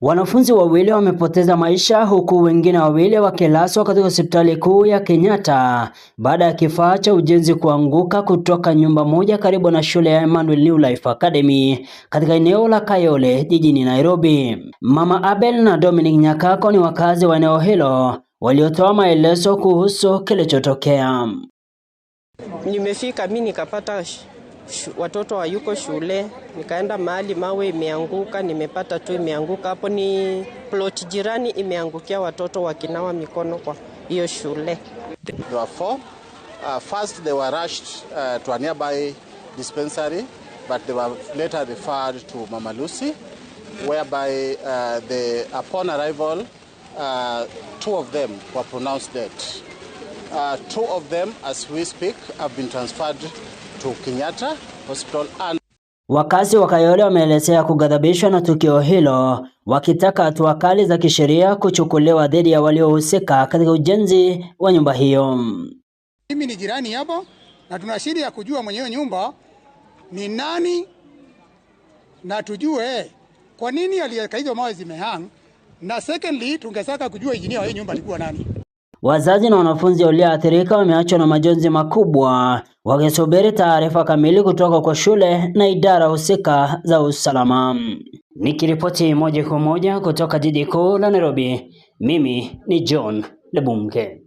Wanafunzi wawili wamepoteza maisha huku wengine wawili wakilaswa katika hospitali kuu ya Kenyatta baada ya kifaa cha ujenzi kuanguka kutoka nyumba moja karibu na shule ya Emmanuel New Life Academy katika eneo la Kayole jijini Nairobi. Mama Abel na Dominic Nyakako ni wakazi wa eneo hilo waliotoa maelezo kuhusu kilichotokea. Nimefika mimi nikapata shu, watoto hayuko shule, nikaenda mahali mawe imeanguka, nimepata tu imeanguka hapo, ni plot jirani imeangukia watoto wakinawa mikono kwa hiyo shule. There were four. Uh, first they were rushed uh, to a nearby dispensary but they were later referred to Mama Lucy whereby uh, the upon arrival uh, two of them were pronounced dead. Uh, two of them as we speak have been transferred to Kenyatta Hospital Wakazi wa Kayole wameelezea kughadhabishwa na tukio hilo wakitaka hatua kali za kisheria kuchukuliwa dhidi ya waliohusika katika ujenzi wa nyumba hiyo. Mimi ni jirani hapo na tuna shida ya kujua mwenyewe nyumba ni nani na tujue kwa nini aliyekaizwa mawe zimehang, na secondly tungesaka kujua injinia wa hii nyumba alikuwa nani. Wazazi na wanafunzi walioathirika wameachwa na majonzi makubwa wakisubiri taarifa kamili kutoka kwa shule na idara husika za usalama. Nikiripoti moja kwa moja kutoka jiji kuu la Nairobi, mimi ni John Lebumke.